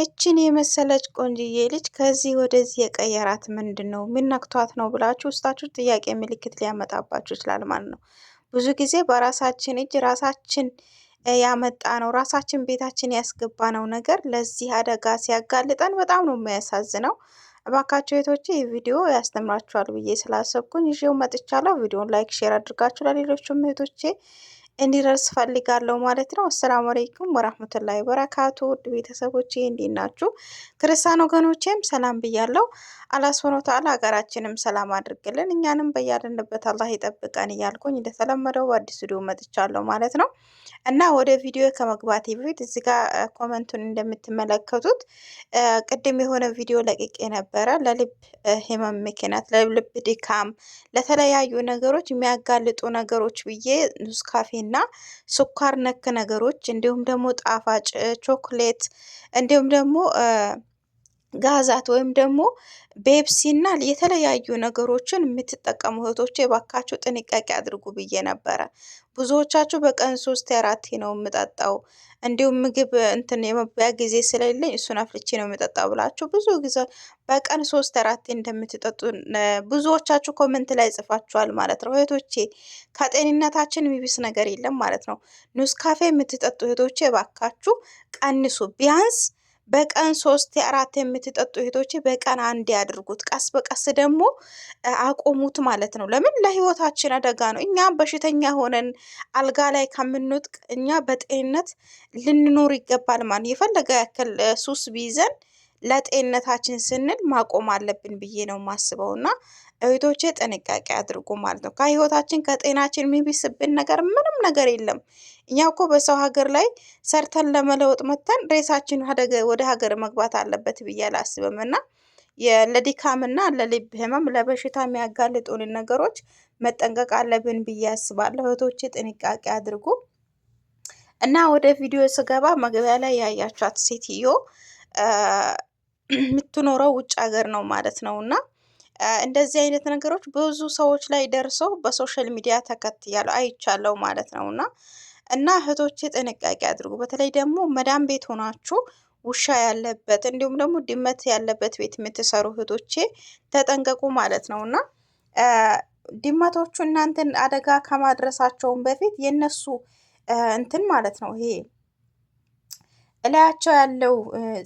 እችን የመሰለች ቆንጅዬ ልጅ ከዚህ ወደዚህ የቀየራት ምንድን ነው? ምን ነክቷት ነው ብላችሁ ውስጣችሁ ጥያቄ ምልክት ሊያመጣባችሁ ይችላል ማለት ነው። ብዙ ጊዜ በራሳችን እጅ ራሳችን ያመጣ ነው ራሳችን ቤታችን ያስገባ ነው ነገር ለዚህ አደጋ ሲያጋልጠን በጣም ነው የሚያሳዝነው። እባካቸው ቤቶቼ ይህ ቪዲዮ ያስተምራችኋል ብዬ ስላሰብኩኝ ይዤው መጥቻለሁ። ቪዲዮን ላይክ፣ ሼር አድርጋችሁ ለሌሎቹም እህቶቼ እንዲደርስ ፈልጋለሁ ማለት ነው። አሰላሙ አለይኩም ወራህመቱላሂ ወበረካቱ ውድ ቤተሰቦቼ እንዴት ናችሁ? ክርስቲያን ወገኖቼም ሰላም ብያለሁ። አላህ ሱብሓነሁ ወተዓላ ሀገራችንም ሰላም አድርግልን፣ እኛንም በያለንበት አላህ ይጠብቀን እያልኩኝ እንደተለመደው በአዲስ ቪዲዮ መጥቻለሁ ማለት ነው እና ወደ ቪዲዮ ከመግባቴ በፊት እዚህ ጋር ኮመንቱን እንደምትመለከቱት ቅድም የሆነ ቪዲዮ ለቅቄ ነበረ። ለልብ ህመም ምክንያት፣ ለልብ ድካም፣ ለተለያዩ ነገሮች የሚያጋልጡ ነገሮች ብዬ ኑስካፌን እና ስኳር ነክ ነገሮች እንዲሁም ደግሞ ጣፋጭ ቾኮሌት እንዲሁም ደግሞ ጋዛት ወይም ደግሞ ቤፕሲ እና የተለያዩ ነገሮችን የምትጠቀሙ እህቶቼ እባካችሁ ጥንቃቄ አድርጉ ብዬ ነበረ። ብዙዎቻችሁ በቀን ሶስት አራት ነው የምጠጣው እንዲሁም ምግብ እንትን የመበያ ጊዜ ስለሌለኝ እሱን አፍልቼ ነው የምጠጣው ብላችሁ ብዙ ጊዜ በቀን ሶስት አራት እንደምትጠጡ ብዙዎቻችሁ ኮመንት ላይ ጽፋችኋል ማለት ነው። እህቶቼ ከጤንነታችን የሚብስ ነገር የለም ማለት ነው። ኑስካፌ ካፌ የምትጠጡ እህቶቼ ባካችሁ ቀንሱ ቢያንስ በቀን ሶስት አራት የምትጠጡ እህቶች በቀን አንድ ያድርጉት። ቀስ በቀስ ደግሞ አቆሙት ማለት ነው። ለምን ለህይወታችን አደጋ ነው። እኛ በሽተኛ ሆነን አልጋ ላይ ከምንወጥቅ እኛ በጤንነት ልንኖር ይገባል ማለት የፈለገ ያክል ሱስ ቢይዘን ለጤንነታችን ስንል ማቆም አለብን ብዬ ነው የማስበው። እና እህቶቼ ጥንቃቄ አድርጉ ማለት ነው። ከህይወታችን ከጤናችን የሚብስብን ነገር ምንም ነገር የለም። እኛ እኮ በሰው ሀገር ላይ ሰርተን ለመለወጥ መተን ሬሳችን ወደ ሀገር መግባት አለበት ብዬ አላስብም እና እና ለልብ ህመም ለበሽታ የሚያጋልጡን ነገሮች መጠንቀቅ አለብን ብዬ አስባለሁ። እህቶቼ ጥንቃቄ አድርጉ እና ወደ ቪዲዮ ስገባ መግቢያ ላይ ያያችኋት ሴትዮ የምትኖረው ውጭ ሀገር ነው ማለት ነው እና እንደዚህ አይነት ነገሮች ብዙ ሰዎች ላይ ደርሰው በሶሻል ሚዲያ ተከትያለሁ አይቻለው ማለት ነው እና እና እህቶቼ ጥንቃቄ አድርጉ። በተለይ ደግሞ መዳም ቤት ሆናችሁ ውሻ ያለበት እንዲሁም ደግሞ ድመት ያለበት ቤት የምትሰሩ እህቶቼ ተጠንቀቁ ማለት ነው እና ድመቶቹ እናንተን አደጋ ከማድረሳቸውን በፊት የነሱ እንትን ማለት ነው ይሄ እላያቸው ያለው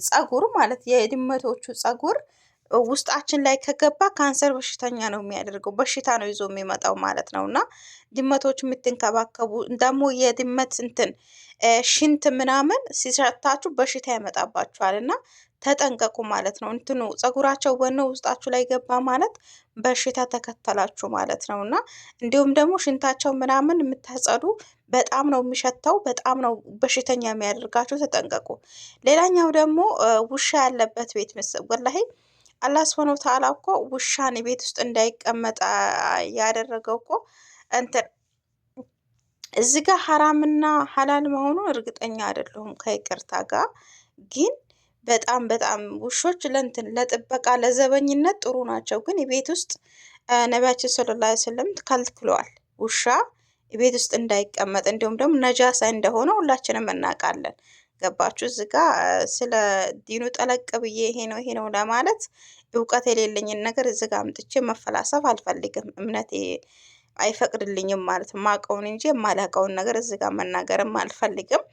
ፀጉር ማለት የድመቶቹ ፀጉር ውስጣችን ላይ ከገባ ካንሰር በሽተኛ ነው የሚያደርገው፣ በሽታ ነው ይዞ የሚመጣው ማለት ነው። እና ድመቶች የምትንከባከቡ ደግሞ የድመት እንትን ሽንት ምናምን ሲሸታችሁ በሽታ ያመጣባችኋል እና ተጠንቀቁ ማለት ነው። እንትኑ ጸጉራቸው ወነው ውስጣችሁ ላይ ገባ ማለት በሽታ ተከተላችሁ ማለት ነው እና እንዲሁም ደግሞ ሽንታቸው ምናምን የምታጸዱ በጣም ነው የሚሸተው፣ በጣም ነው በሽተኛ የሚያደርጋቸው። ተጠንቀቁ። ሌላኛው ደግሞ ውሻ ያለበት ቤት ወላሄ አላህ ሱብሃነሁ ወተዓላ እኮ ውሻን ቤት ውስጥ እንዳይቀመጥ ያደረገው እኮ እንትን እዚ ጋ ሀራምና ሀላል መሆኑን እርግጠኛ አይደለሁም ከይቅርታ ጋር ግን በጣም በጣም ውሾች ለእንትን ለጥበቃ ለዘበኝነት ጥሩ ናቸው። ግን ቤት ውስጥ ነቢያችን ሰለላሁ ዐለይሂ ወሰለም ከልክለዋል። ውሻ ቤት ውስጥ እንዳይቀመጥ እንዲሁም ደግሞ ነጃሳ እንደሆነ ሁላችንም እናውቃለን። ገባችሁ? እዚ ጋ ስለ ዲኑ ጠለቅ ብዬ ይሄ ነው ይሄ ነው ለማለት እውቀት የሌለኝን ነገር እዚ ጋ አምጥቼ መፈላሰፍ አልፈልግም። እምነቴ አይፈቅድልኝም ማለት ማቀውን እንጂ የማላቀውን ነገር እዚ ጋ መናገርም አልፈልግም።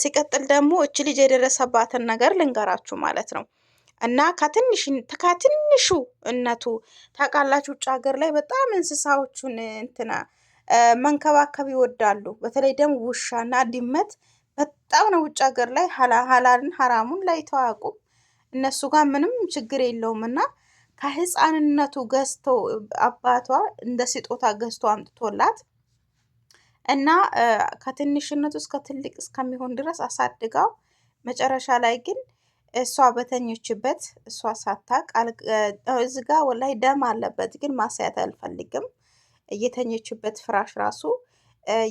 ሲቀጥል ደግሞ እች ልጅ የደረሰባትን ነገር ልንገራችሁ ማለት ነው እና ከትንሽ ከትንሹ እነቱ ታውቃላችሁ፣ ውጭ ሀገር ላይ በጣም እንስሳዎቹን እንትና መንከባከብ ይወዳሉ። በተለይ ደግሞ ውሻና ድመት በጣም ነው ውጭ ሀገር ላይ ሀላልን ሀራሙን ላይ ተዋቁ እነሱ ጋር ምንም ችግር የለውም እና ከህፃንነቱ ገዝቶ አባቷ እንደ ስጦታ ገዝቶ አምጥቶላት እና ከትንሽነቱ እስከ ትልቅ እስከሚሆን ድረስ አሳድጋው መጨረሻ ላይ ግን እሷ በተኞችበት እሷ ሳታቅ እዚህ ጋ ደም አለበት፣ ግን ማሳያት አልፈልግም። እየተኘችበት ፍራሽ ራሱ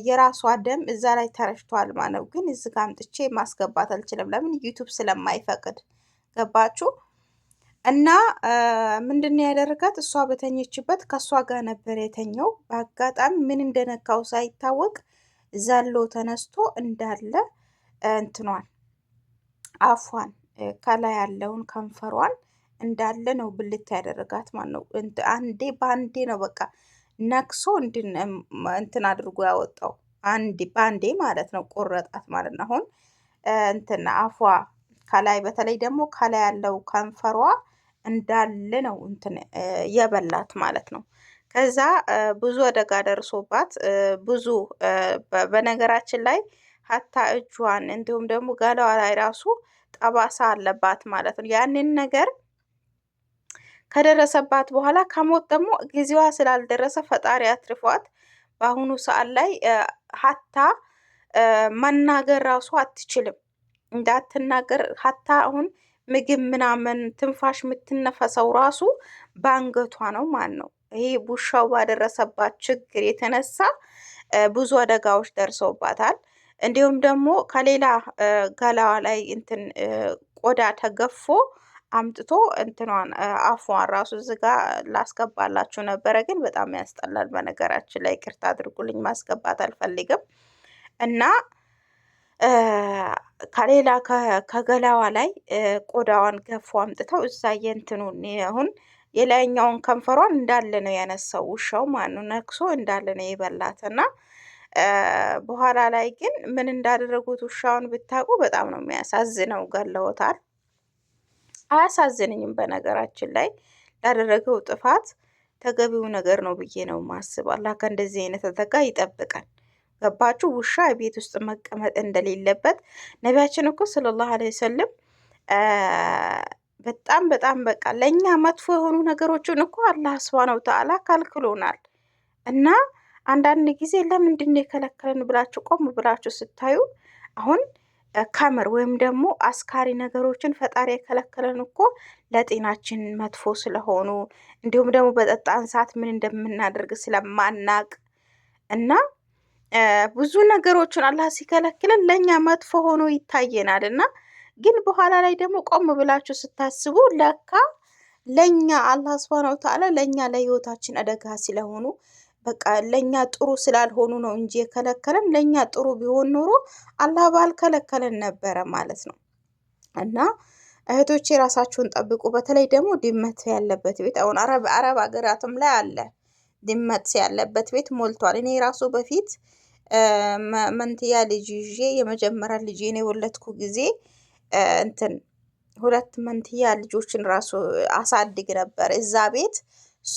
የራሷ ደም እዛ ላይ ተረጭቷል ማለት ነው። ግን እዚህ ጋ አምጥቼ ማስገባት አልችልም። ለምን ዩቱብ ስለማይፈቅድ ገባችሁ? እና ምንድን ያደረጋት እሷ በተኘችበት ከእሷ ጋር ነበር የተኘው። በአጋጣሚ ምን እንደነካው ሳይታወቅ ዘሎ ተነስቶ እንዳለ እንትኗል አፏን ከላይ ያለውን ከንፈሯን እንዳለ ነው ብልት ያደረጋት ማለት ነው። አንዴ በአንዴ ነው በቃ ነክሶ እንትን አድርጎ ያወጣው አንድ በአንዴ ማለት ነው። ቆረጣት ማለት ነው። አሁን እንትን አፏ ከላይ በተለይ ደግሞ ከላይ ያለው ከንፈሯ እንዳለ ነው እንትን የበላት ማለት ነው። ከዛ ብዙ አደጋ ደርሶባት ብዙ በነገራችን ላይ ሀታ እጇን እንዲሁም ደግሞ ገላዋ ላይ ራሱ ጠባሳ አለባት ማለት ነው። ያንን ነገር ከደረሰባት በኋላ ከሞት ደግሞ ጊዜዋ ስላልደረሰ ፈጣሪ አትርፏት። በአሁኑ ሰዓት ላይ ሀታ መናገር ራሱ አትችልም። እንዳትናገር ሀታ አሁን ምግብ ምናምን ትንፋሽ የምትነፈሰው ራሱ በአንገቷ ነው ማለት ነው። ይሄ ቡሻው ባደረሰባት ችግር የተነሳ ብዙ አደጋዎች ደርሰውባታል። እንዲሁም ደግሞ ከሌላ ገላዋ ላይ እንትን ቆዳ ተገፎ አምጥቶ እንትኗን አፏን ራሱ ዝጋ ላስገባላችሁ ነበረ፣ ግን በጣም ያስጠላል። በነገራችን ላይ ቅርት አድርጉልኝ፣ ማስገባት አልፈልግም እና ከሌላ ከገላዋ ላይ ቆዳዋን ገፎ አምጥተው እዛ የእንትኑን አሁን የላይኛውን ከንፈሯን እንዳለ ነው ያነሳው ውሻው ማኑ ነክሶ እንዳለ ነው የበላት እና በኋላ ላይ ግን ምን እንዳደረጉት ውሻውን ብታውቁ በጣም ነው የሚያሳዝነው፣ ገለውታል። አያሳዝንኝም በነገራችን ላይ ላደረገው ጥፋት ተገቢው ነገር ነው ብዬ ነው ማስብ። አላህ ከእንደዚህ አይነት አደጋ ይጠብቀን። ገባችሁ? ውሻ ቤት ውስጥ መቀመጥ እንደሌለበት ነቢያችን እኮ ሰለላሁ ዐለይሂ ወሰለም በጣም በጣም በቃ ለእኛ መጥፎ የሆኑ ነገሮችን እኮ አላህ ስብሃነሁ ወተዓላ ከልክሎናል እና አንዳንድ ጊዜ ለምንድን ነው የከለከለን ብላችሁ ቆም ብላችሁ ስታዩ አሁን ከምር ወይም ደግሞ አስካሪ ነገሮችን ፈጣሪ የከለከለን እኮ ለጤናችን መጥፎ ስለሆኑ እንዲሁም ደግሞ በጠጣን ሰዓት ምን እንደምናደርግ ስለማናቅ እና ብዙ ነገሮችን አላህ ሲከለክለን ለእኛ መጥፎ ሆኖ ይታየናል እና ግን በኋላ ላይ ደግሞ ቆም ብላችሁ ስታስቡ ለካ ለእኛ አላህ ስብሃነ ወተዓላ ለእኛ ለህይወታችን አደጋ ስለሆኑ በቃ ለእኛ ጥሩ ስላልሆኑ ነው እንጂ የከለከለን። ለእኛ ጥሩ ቢሆን ኖሮ አላህ ባልከለከለን ነበረ ማለት ነው። እና እህቶች የራሳቸውን ጠብቁ። በተለይ ደግሞ ድመት ያለበት ቤት አሁን አረብ አረብ ሀገራትም ላይ አለ ድመት ያለበት ቤት ሞልቷል። እኔ ራሱ በፊት መንትያ ልጅ ይዤ የመጀመሪያ ልጄን የወለድኩ ጊዜ እንትን ሁለት መንትያ ልጆችን ራሱ አሳድግ ነበር እዛ ቤት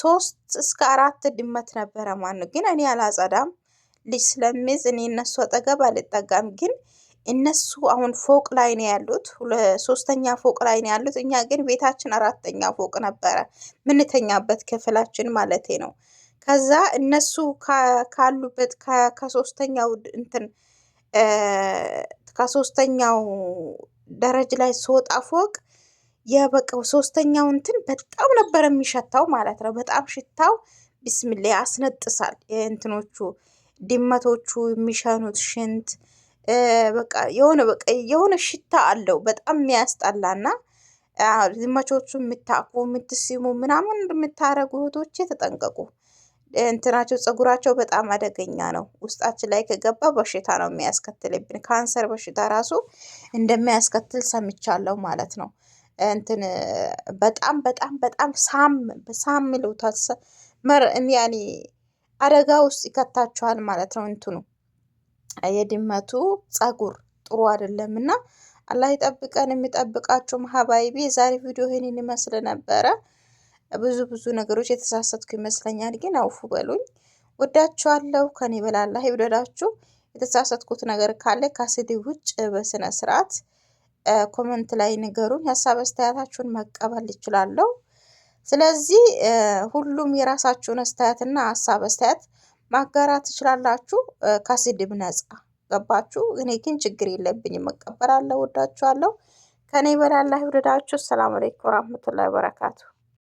ሶስት እስከ አራት ድመት ነበረ ማለት ነው። ግን እኔ አላጸዳም ልጅ ስለሚይዝ እኔ እነሱ አጠገብ አልጠጋም። ግን እነሱ አሁን ፎቅ ላይ ነው ያሉት፣ ሶስተኛ ፎቅ ላይ ነው ያሉት። እኛ ግን ቤታችን አራተኛ ፎቅ ነበረ ምንተኛበት ክፍላችን ማለቴ ነው። ከዛ እነሱ ካሉበት ከሶስተኛው እንትን ከሶስተኛው ደረጅ ላይ ስወጣ ፎቅ የበቀው ሶስተኛው እንትን በጣም ነበር የሚሸታው ማለት ነው። በጣም ሽታው ብስምላ ያስነጥሳል። እንትኖቹ ድመቶቹ የሚሸኑት ሽንት በቃ የሆነ በቃ የሆነ ሽታ አለው በጣም የሚያስጠላና ድመቾቹ የምታቅፉ የምትስሙ ምናምን የምታረጉ እህቶቼ ተጠንቀቁ። እንትናቸው ፀጉራቸው በጣም አደገኛ ነው። ውስጣችን ላይ ከገባ በሽታ ነው የሚያስከትልብን። ካንሰር በሽታ ራሱ እንደሚያስከትል ሰምቻለሁ ማለት ነው። እንትን በጣም በጣም በጣም ሳም ሳም ይሉታል መር ያኔ አደጋ ውስጥ ይከታችኋል ማለት ነው። እንትኑ የድመቱ ጸጉር ጥሩ አይደለም እና አላህ ይጠብቀን፣ የሚጠብቃችሁ ሀባይቢ። የዛሬ ቪዲዮ ይህንን ይመስል ነበረ። ብዙ ብዙ ነገሮች የተሳሰትኩ ይመስለኛል፣ ግን አውፉ በሉኝ። ወዳችኋለሁ። ከኔ በላላ አላህ ይውደዳችሁ። የተሳሳትኩት ነገር ካለ ከስድብ ውጭ በስነ ስርዓት ኮመንት ላይ ንገሩን። ሀሳብ አስተያየታችሁን መቀበል ይችላለሁ። ስለዚህ ሁሉም የራሳችሁን አስተያየትና ሀሳብ አስተያየት ማጋራት ትችላላችሁ፣ ከስድብ ነጻ ገባችሁ። እኔ ግን ችግር የለብኝም፣ እቀበላለሁ። ወዳችኋለሁ። ከእኔ በላይ አላህ ይውደዳችሁ። ሰላም አለይኩም ወራህመቱላሂ ወበረካቱሁ።